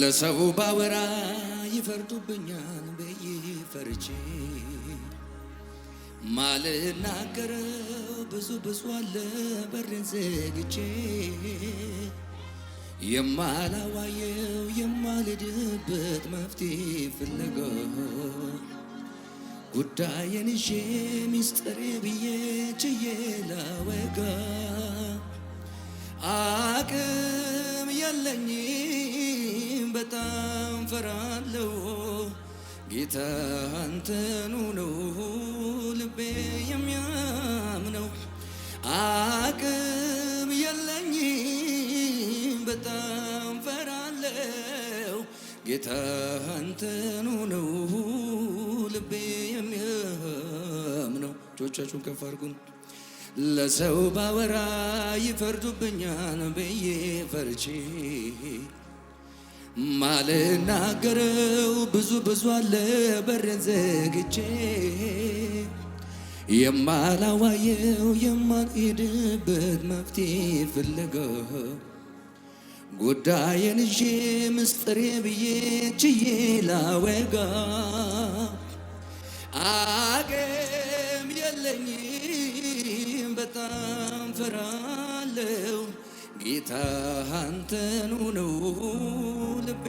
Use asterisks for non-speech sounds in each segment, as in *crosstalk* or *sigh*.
ለሰው ባወራ ይፈርዱብኛል ብዬ ፈርቼ ማልናገረው ብዙ ብዙ አለ በሬን ዘግቼ የማላዋየው የማልድበት መፍትሄ ፍለጋ ጉዳዬን ይዤ ሚስጥሬ ብዬ ችዬ ላወጋ አቅም የለኝ በጣም ፈራለው ጌታ አንተኑ ነው ልቤ የሚያምነው አቅም የለኝም በጣም ፈራለው ጌታ አንተኑ ነው ልቤ የሚያምነው እጆቻችሁን ከፍ አድርጉን ለሰው ባወራ ይፈርዱብኛል ብዬ ፈርቼ ማልናገረው ብዙ ብዙ አለ በሬን ዘግቼ የማላዋየው የማልሄድበት መፍትሄ ፍለገው ጉዳዬን ይዤ ምስጥሬ ብዬ ችዬ ላወጋ አቅም የለኝም በጣም ፈራለው ጌታ አንተኑ ነው ልቤ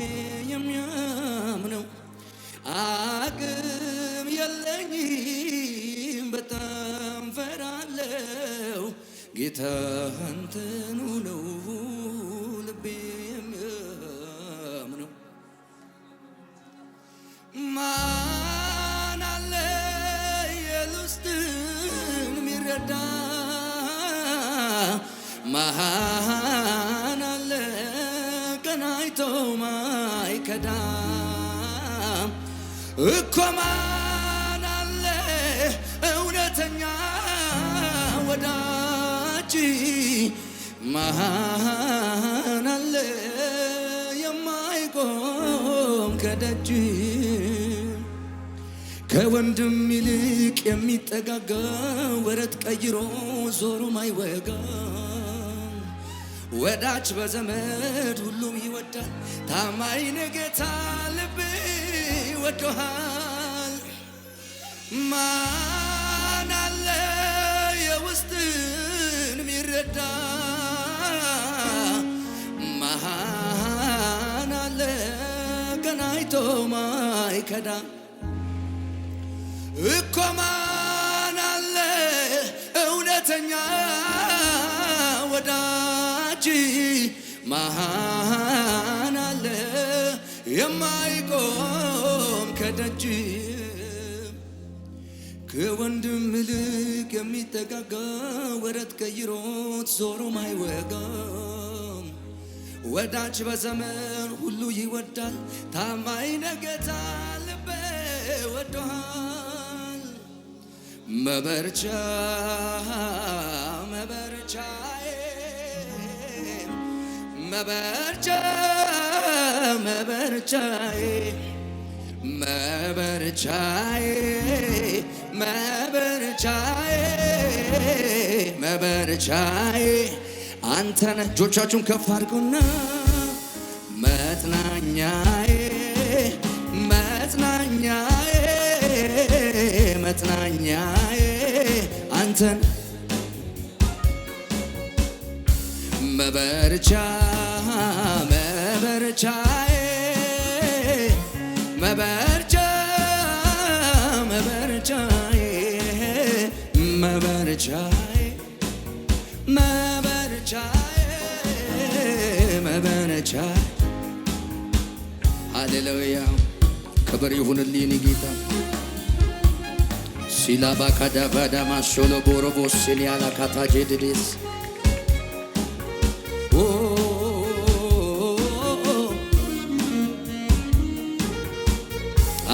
የሚያምነው። አቅም የለኝም በጣም ፈራለው። ጌታ አንተኑ ነው ልቤ የሚያምነው። ማን አለ የውስጥን የሚረዳ መሃን አለ ቀናይቶ ማይከዳም እኮ ማን አለ እውነተኛ ወዳጅ መሃን አለ የማይቆም ከደጅ ከወንድም ይልቅ የሚጠጋጋ ወረት ቀይሮ ዞሩ ማይወጋ ወዳጅ በዘመድ ሁሉም ይወዳል። ታማኝ ነገታ ልብ ይወደሃል። ማን አለ የውስጥን ሚረዳ? ማን አለ ገናይቶ ማይከዳ እኮማ መሃን አለ የማይቆም ከደጅ ከወንድም ልቅ የሚጠጋጋ ወረት ቀይሮት ዞሮ አይወጋም ወዳጅ በዘመን ሁሉ ይወዳል። ታማኝ ነህ ጌታ ልቤ ወዶሃል መበርቻ መበርቻ መበርቻዬ መበርቻዬ መበርቻዬ መበርቻዬ አንተነ እጆቻችሁን ከፍ አድርጉና መጽናኛዬ መጽናኛዬ መጽናኛዬ አንተን መበርቻ መበርቻዬ መበርቻ መበርቻዬ መበርቻዬ መበርቻዬ ሃሌሉያ ክብር ይሁንልኝ ጌታ ሲላባካዳባዳማሾሎ ቦሮቦስ ሲሊያላካታጄ ድዴስ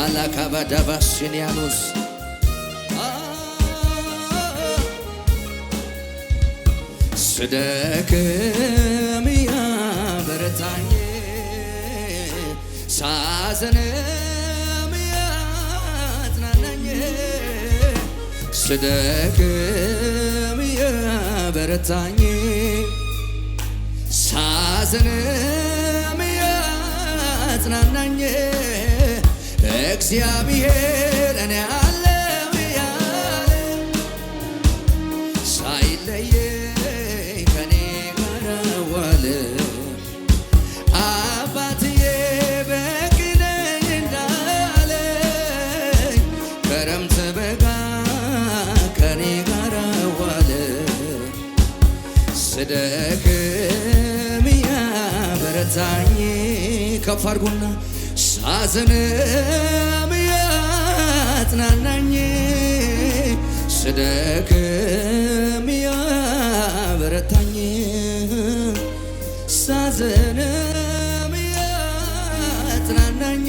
አላካባዳባሽንያኖስ ስደክም ያበረታኝ ሳዘንም ያጽናናኝ ስደክም ያበረታኝ ሳዘንም ያጽናናኝ እግዚአብሔር እኔ አለው ያለ ሳይለየኝ ከኔ ጋር ዋለ። አባትዬ በቂ ነህ እንዳለኝ ክረምት በጋ ከኔ ጋር ዋለ። ስደክም ያበረታኝ ከፍ አድርጉና ባዝንም ያጽናናኝ ስደክም ያበረታኝ ሳዝንም ያጽናናኝ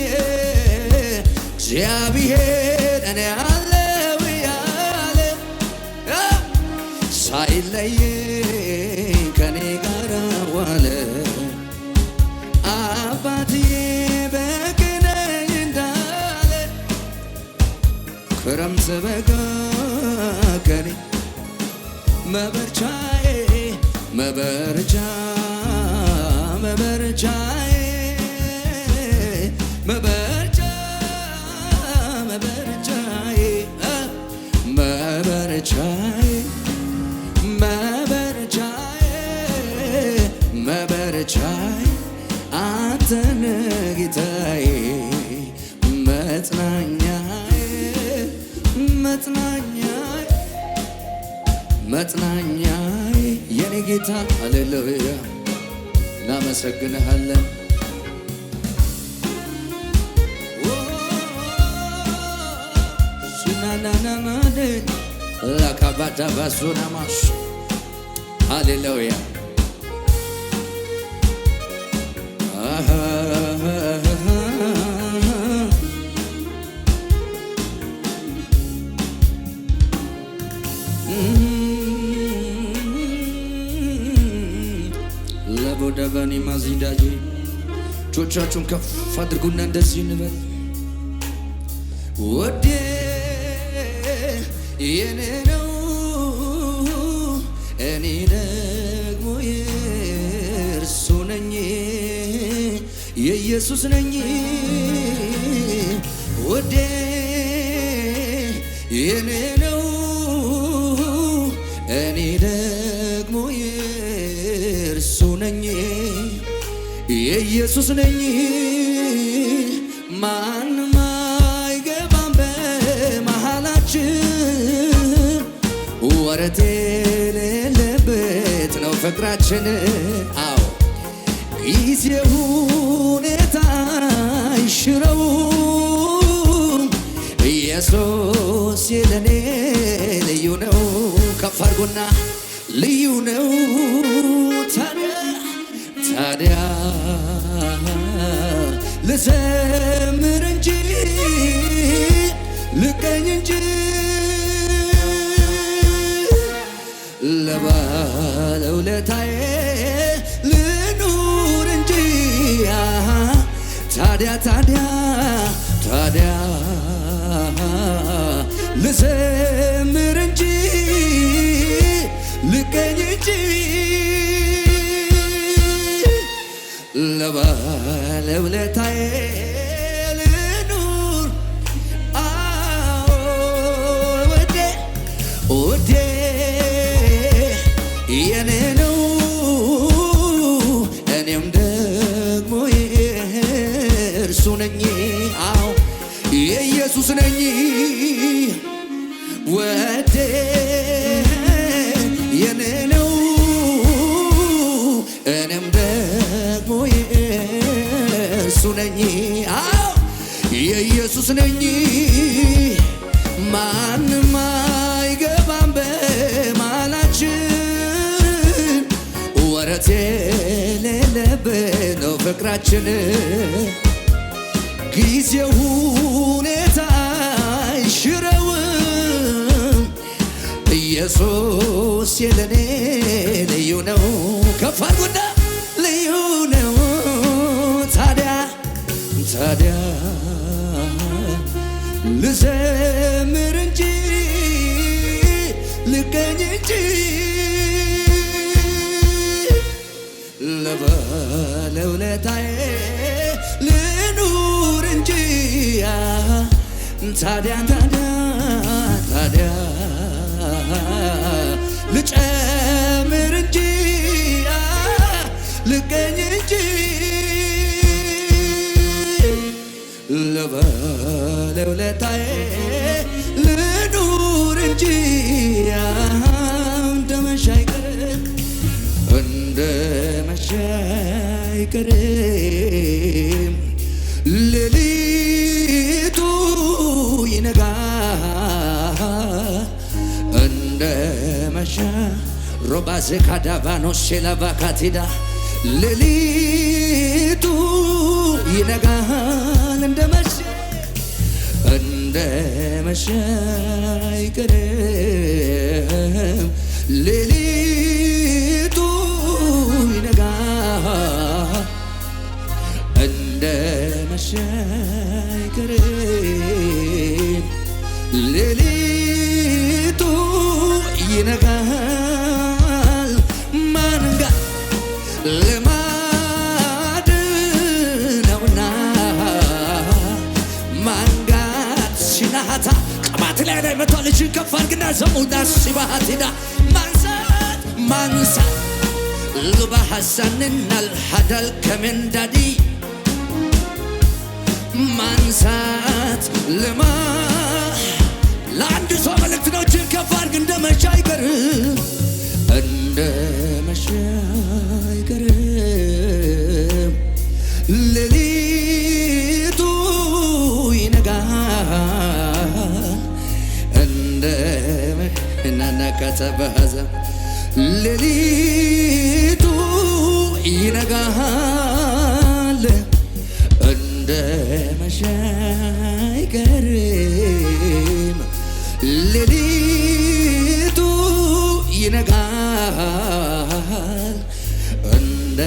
እግዚአብሔር እኔ አለው ያለ ሳይለየ ስምህ መበርቻዬ መበርቻ መበርቻዬ Basunamash. Hallelujah. ለቦደበኒ ማዚዳጄ እጆቻችሁን ከፍ አድርጉና እንደዚህ እንበል ወዴ የኔ ነው እኔ ደግሞ የእርሱ ነኝ የኢየሱስ ነኝ ወዴ የኔ ነው እኔ ደግሞ የእርሱ ነኝ የኢየሱስ ነኝ ማንም አይገባም በመሃላችን ወረቴ ጊዜያችን አዎ ጊዜ ሁኔታ ይሽረው ኢየሱስ የለኔ ልዩ ነው። ከፍ አድርጎና ልዩ ነው ታዲያ ታዲያ ልዘምር እንጂ ልቀኝ እንጂ ውለታዬ ልኑር እንጂ ታዲያ ታዲያ ታዲያ ልዘምር እንጂ ልገኝ እንጂ ለባለ ውለታዬ ነኝ አዎ የኢየሱስ ነኝ ወዴ የኔ ነው እኔም ደግሞ የእሱ ነኝ አዎ የኢየሱስ ነኝ ማንም አይገባም በማላችን ወረት የሌለብን ነው ፍቅራችን ጊዜው ሁኔታ አይሽረውም። ኢየሱስ የለኔ ልዩ ነው። ከፍ አድርጉና ልዩ ነው። ታዲያ ታዲያ ልዘምር እንጂ ልገኝ እንጂ ለባለውለታዬ ታዲያ ታዲያ ታዲያ ታዲያ ልጨምር እንጂ ልገኝ እንጂ ልበል ውለታዬ ልኑር እንጂ እንደ መሸ አይቀር እንደ መሸ አይቀርም ሮባዜ ካዳቫኖስ ሼላቫካቲዳ ሌሊቱ ይነጋል እንደ መሸ እንደ መሸ አይቀርም ሌሊቱ እጅን ከፍ አድርግና ዘሙዳ ሲባሃትና ማንሳት ማንሳት ሉባ ሐሳንን አልሐዳል ከመንዳዲ ማንሳት ልማ በሐዘን ሌሊቱ ይነጋል እንደ መሸ አይቀርም ሌሊቱ ይነጋል እንደ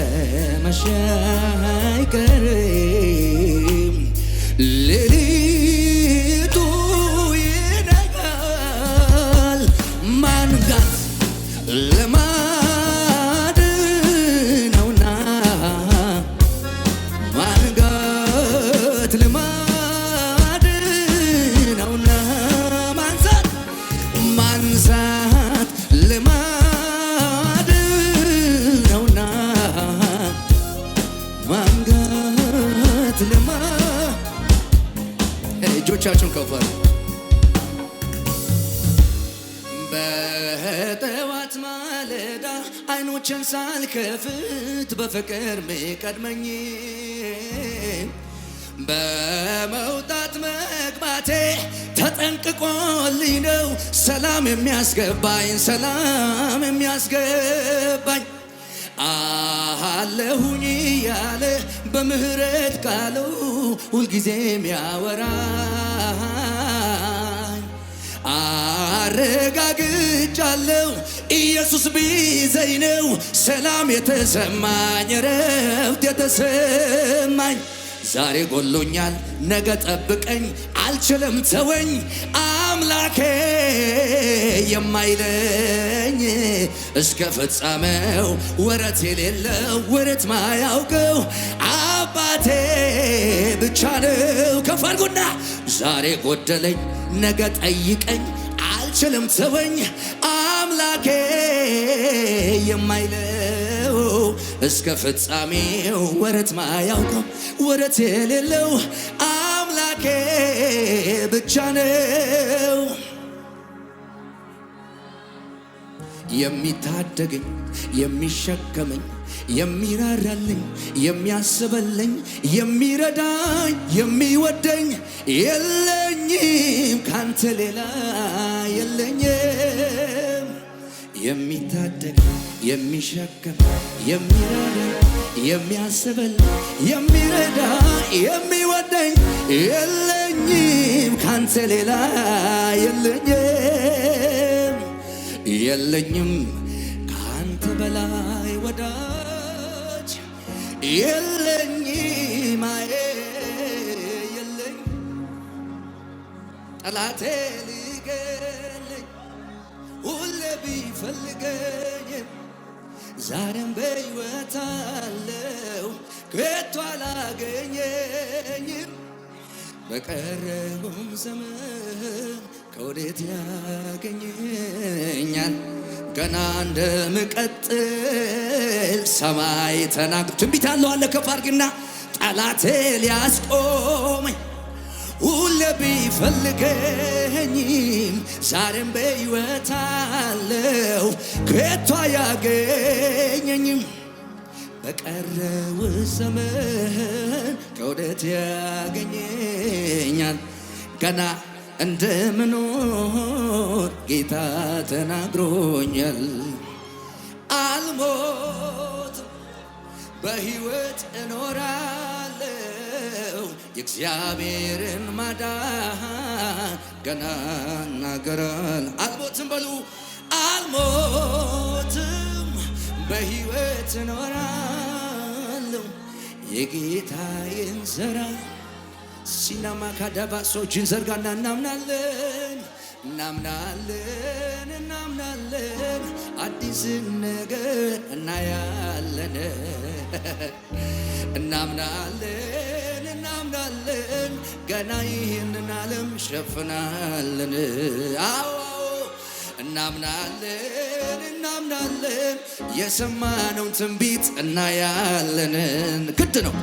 መሸ አይቀርም አይኖችን ሳልከፍት በፍቅር ሚቀድመኝ በመውጣት መግባቴ ተጠንቅቆልኝ ነው ሰላም የሚያስገባኝ ሰላም የሚያስገባኝ አለሁኝ እያለ በምህረት ቃሉ ሁልጊዜም ያወራ አረጋግጫለሁ ኢየሱስ ቢዘኝ ነው ሰላም የተሰማኝ ረፍት የተሰማኝ ዛሬ ጎሎኛል ነገ ጠብቀኝ አልችልም ተወኝ አምላኬ የማይለኝ እስከ ፍጻሜው ወረት የሌለው ወረት ማያውቀው አባቴ ብቻ ነው ከፋርጎና ዛሬ ጎደለኝ ነገ ጠይቀኝ አልችልም ተወኝ አምላኬ የማይለው እስከ ፍጻሜው ወረት ማያውቀው ወረት የሌለው አምላኬ ብቻ ነው። የሚታደገኝ የሚሸከመኝ የሚራራልኝ የሚያስበልኝ የሚረዳኝ የሚወደኝ የለኝም ካንተ ሌላ የለኝም። የሚታደግ የሚሸከም የሚራራልኝ የሚያስበልኝ የሚረዳ የሚወደኝ የለኝም ካንተ ሌላ የለኝም። የለኝም ከአንተ በላይ ወዳጅ የለኝም የለኝ ጠላቴ ሊገለኝ ሁሌ ቢፈልገኝ ዛሬም በሕይወት አለው ከቶ አላገኘኝም በቀረውም ዘመን ከወዴት ያገኘኛል? ገና እንደምቀጥል ሰማይ ተናግ ትንቢት አለው አለ ከፍ አድርግና ጠላቴ ሊያስቆመኝ ሁሌ ቢፈልገኝም ዛሬም በሕይወት አለው ከቶ አያገኘኝም። በቀረው ዘመን ከወዴት ያገኘኛል ገና እንደምኖር ጌታ ተናግሮኛል። አልሞት በሕይወት እኖራለው የእግዚአብሔርን ማዳን ገና እናገራል። አልሞትም በሉ አልሞትም በሕይወት እኖራለሁ የጌታዬን ስራ ሲናማ ካዳባ ዘርጋና እናምናለን እናምናለን እናምናለን አዲስ ነገር እናያለን እናምናለን እናምናለን ገና ይህንን ዓለም ሸፍናለን አዎ እናምናለን እናምናለን የሰማነውን ትንቢት እናያለንን ግድ ነው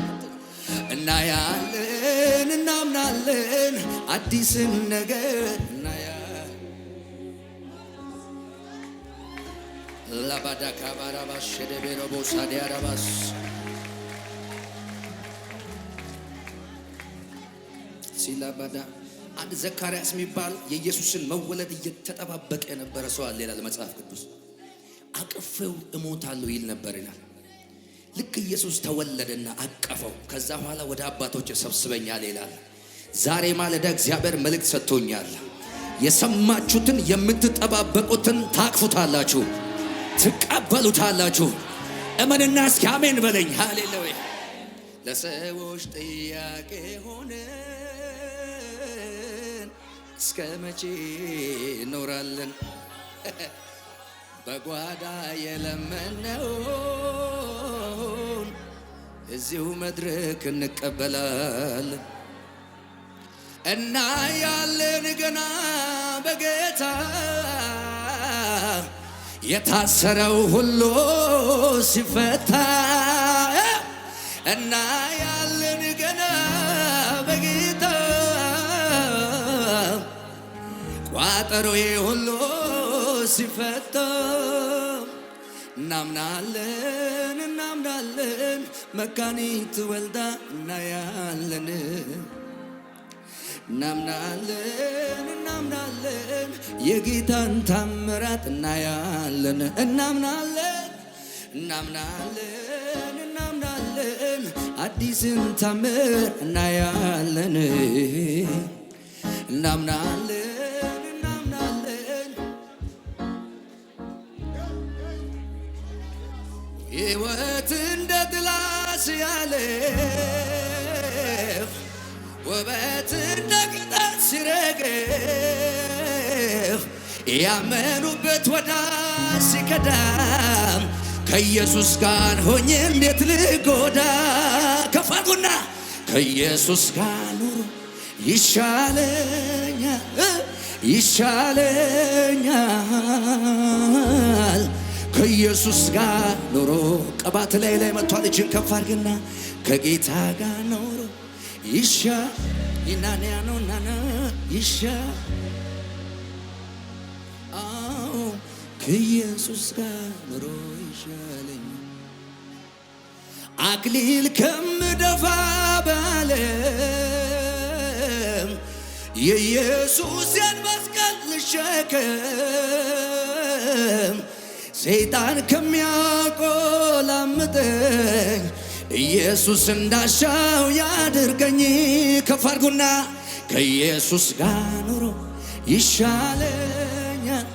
እናያለን እናምናለን አዲስን ነገር እናያለን። ላባዳካ ባራባስ ሸደቤረቦ ሳዲያራባስ ሲላባዳ አንድ ዘካርያስ የሚባል የኢየሱስን መወለድ እየተጠባበቀ የነበረ ሰው አለ ይላል መጽሐፍ ቅዱስ። አቅፌው እሞታለሁ ይል ነበር ይላል ልክ ኢየሱስ ተወለደና አቀፈው። ከዛ በኋላ ወደ አባቶች ሰብስበኛል ይላል። ዛሬ ማለዳ እግዚአብሔር መልእክት ሰጥቶኛል። የሰማችሁትን የምትጠባበቁትን ታቅፉታላችሁ፣ ትቀበሉታላችሁ። እመንና እስኪ አሜን በለኝ። ሃሌሉያ። ለሰዎች ጥያቄ ሆነ እስከ መቼ እኖራለን? *laughs* በጓዳ የለመነው እዚሁ መድረክ እንቀበላለን እና ያለን ገና በጌታ የታሰረው ሁሉ ሲፈታ እና ያለን ገና በጌታ ቋጠሮዬ ሁሉ ሲፈታ እናምናለን እናምናለን መካኒት ወልዳ እናያለን። እናምናለን እናምናለን የጌታን ታምራት እናያለን። እናምናለን እናምናለን እናምናለን አዲስን ታምር እናያለን። እናምናለን ሕይወት እንደ ጥላ ራስ ያለ ውበት እንደ ቅጠል ሲረግፍ ያመኑበት ወዳ ሲከዳም ከኢየሱስ ጋር ሆኜ እንዴት ልጎዳ ከፋጉና ከኢየሱስ ጋር ኑሮ ይሻለኛል ይሻለኛል ከኢየሱስ ጋር ኖሮ ቀባት ላይ ላይ መጥቷል። እጅን ከፍ አድርግና ከጌታ ጋር ኖሮ ይሻ ይናንያ ነው ናና ይሻ አዎ ከኢየሱስ ጋር ኖሮ ይሻለኝ አክሊል ከምደፋ ባለም የኢየሱስ ያን መስቀል ልሸከም ሰይጣን ከሚያቆላምጠኝ ኢየሱስ እንዳሻው ያድርገኝ። ከፍ አድርጉና ከኢየሱስ ጋር ኑሮ ይሻለኛል፣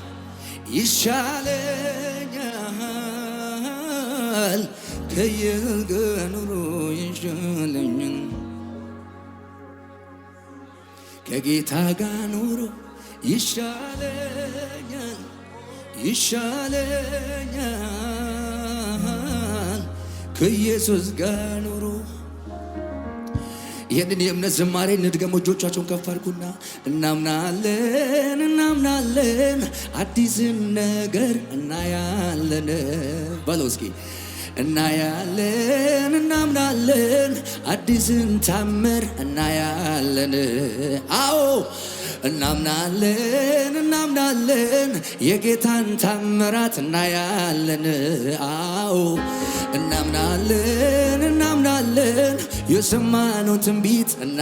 ይሻለኛል ከየገኑሮ ይሻለኛል ከጌታ ጋር ኑሮ ይሻለኛል ይሻለኛል ከኢየሱስ ጋር ኑሮ። ይህንን የእምነት ዝማሬ ንድገሞ እጆቻቸውን ከፍ አድርጉና፣ እናምናለን እናምናለን አዲስን ነገር እናያለን በሎ እስኪ እናያለን እናምናለን አዲስን ታምር እናያለን አዎ እናምናለን እናምናለን የጌታን ታምራት እናያለን። አዎ እናምናለን እናምናለን የሰማነውን ትንቢት እና